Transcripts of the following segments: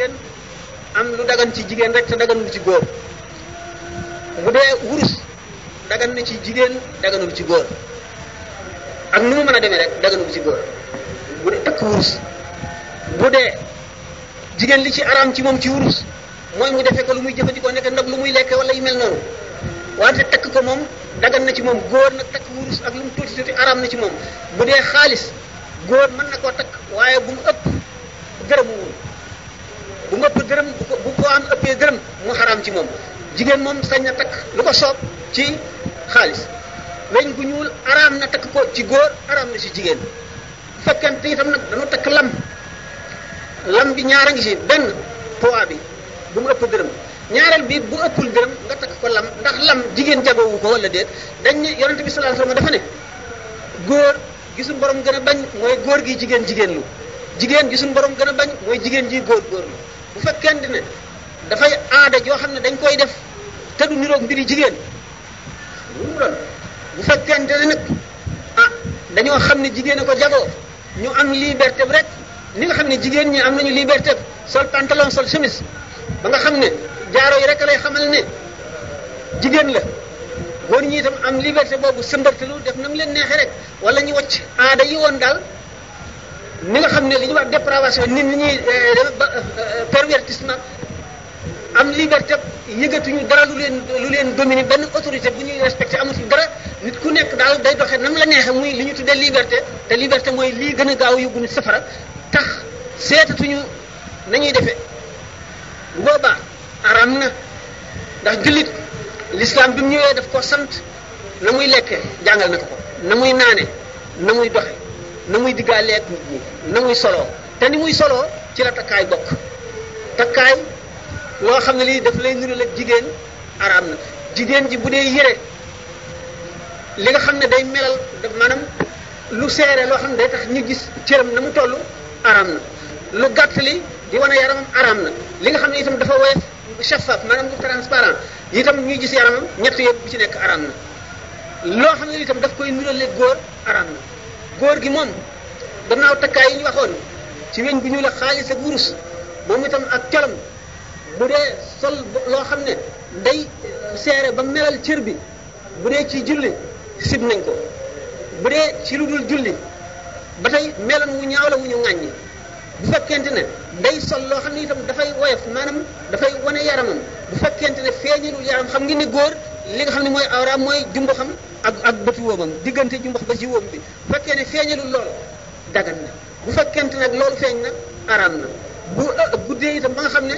jigéen am lu dagan ci jigéen rek te daganul ci góor bu dee wurus dagan na ci jigéen daganul ci góor ak lu mu mën a demee rek daganul ci góor bu dee takk wurus bu dee jigéen li ci araam ci moom ci wurus mooy mu defee ko lu muy jëfandikoo nekk ndab lu muy lekk wala yu mel noonu wante takk ko moom dagan na ci moom góor nag takk wurus ak lu mu tuuti tuuti araam na ci moom bu dee xaalis góor mën na koo takk waaye bu mu ëpp gërëmu bu ngopp dërëm bu ko am ëppee dërëm mu xaram ci moom jigéen moom sañ na takk lu ko soob ci xaalis weñ gu ñuul araam na takk ko ci góor na ci jigéen fekkente itam nag dañu takk lam lam bi ñaara ngi si benn poids bi bu mu ëpp dërëm ñaareel bi bu ëppul nga takk ko lam ndax lam jigéen jagowu ko wala déet dañ ne yonente bi sallallahu alayhi wasallam dafa ne góor gi suñ borom gën bañ mooy góor gi jigéen jigéen lu jigéen gi suñ borom gën a bañ mooy jigéen ji góor góor bu fekkente ne dafay aada yoo xam ne dañ koy def te du niroog mbiri jigéen lu mu doon bu ne nag ah dañoo xam ne jigéen a ko jagoo ñu am liberté bi rek ni nga xam ne jigéen ñi am nañu liberté sol pantalon sol chemise ba nga xam ne jaaro yi rek lay xamal ne jigéen la góor ñi itam am liberté boobu sëmbartalu def na mu leen neexee rek wala ñu wacc aada yi woon daal ni nga xam ne li ñuy wax dépravation nit ñi eh, ba des na am liberté yëgatuñu dara lu leen lu leen dominer benn autorité bi ñuy respecté amu ci dara nit ku nekk daal day doxee nam la neexee muy li ñu tuddee liberté te liberté mooy lii gën a gaaw yóbbu nit safara tax seetatuñu nañuy defee bu boobaa aram na ndax jullit l'islam bi mu ñëwee daf ko sant na muy lekkee jàngal na ko ko na muy naane na muy doxe na muy diggaaleeg nit ñi na muy soloo te ni muy solo ci la takkaay bokk takkaay loo xam ne lii daf lay niru la jigéen araam na jigéen ji bu dee yére li nga xam ne day melal maanaam lu seere loo xam ne day tax ñu gis cëram na mu toll araam na lu gàtt li di wane yaramam araam na li nga xam ne itam dafa woyof chafaf maanaam lu transparent itam ñuy gis yaramam ñett yëpp bu ci nekk araam na loo xam ne itam daf koy nirale góor araam na góor gi moom gannaaw takkaay yi ñu waxoon ci weñ bu ñu la xaalis gurus moom itam ak colam bu dee sol loo xam ne day euh, seere ba melal cër bi bu dee ci julli sib nañ ko bu dee ci lu dul julli ba tey melan wu ñaaw la wu ñu ŋàññi bu fekkente ne day sol loo xam ne itam dafay woyof maanaam dafay wane yaramam bu fekkente ne feeñalul yaram xam nga ni góor li nga xam ne mooy awraam mooy jumbo ak ak bëti wóomam diggante jumbox ba ci wóom bi bu fekkee ne feeñalul loolu dagan na bu fekkente nag loolu feeñ na araam na bu guddee itam ba nga xam ne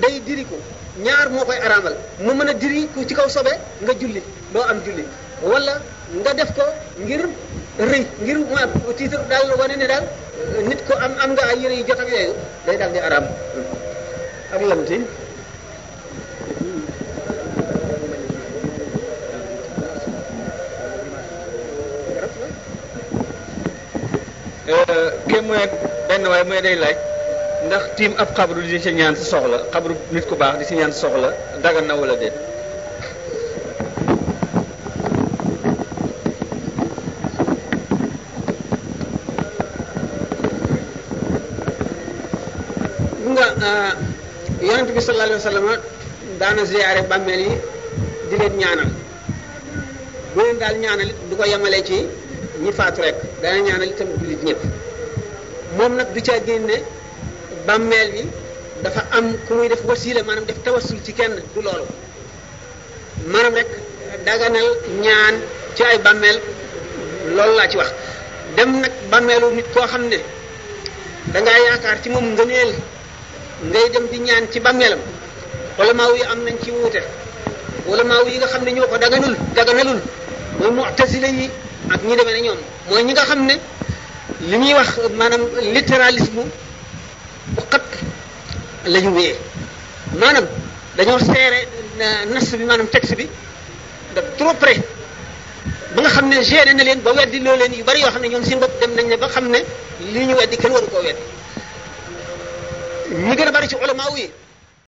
day diri ko ñaar moo koy araamal mu mën a diri ku ci kaw sobe nga julli loo am julli wala nga def ko ngir rëy ngir ma titre daal wane ne daal euh, nit ko am am nga ay yére yu jot ak yooyu day daal di araam ak lamti euh, ke mu benn waaye mooy day laaj ndax tiim ab xabru di ci ñaan sa soxla xabru nit ku baax di ci ñaan sa soxla dagan na wala déet. bu nga euh, yonent bi sallallahu alayhi wa sallam daana ziyaare bàmmeel yi di leen ñaanal bu leen daal ñaanal du ko yemale ci ñi faatu rek daana ñaanal itam jullit ñëpp moom nag du ca génne. bàmmeel bi dafa am ku muy def wasiila maanaam def tawasul ci kenn du loolu maanaam rek daganal ñaan ci ay bameel loolu laa ci wax dem nag bàmmeelu nit koo xam ne dangaa yaakaar ci moom ngëneel ngay dem di ñaan ci bàmmeelam ulamaaw yi am nañ ci wuute ulamaaw yi nga xam ne ñoo ko daganul daganalul mooy ak ñi demee ne ñoom mooy ñi nga xam ne li ñuy wax maanaam littéralisme la ñu wéyee maanaam dañoo seere nas bi maanaam texte bi da trop près ba nga xam ne gêné na leen ba weddi loo leen yu bari yoo xam ne ñoom seen bopp dem nañ ne ba xam ne lii ñu weddi kenn waru koo weddi ñi gën a bari ci ulama yi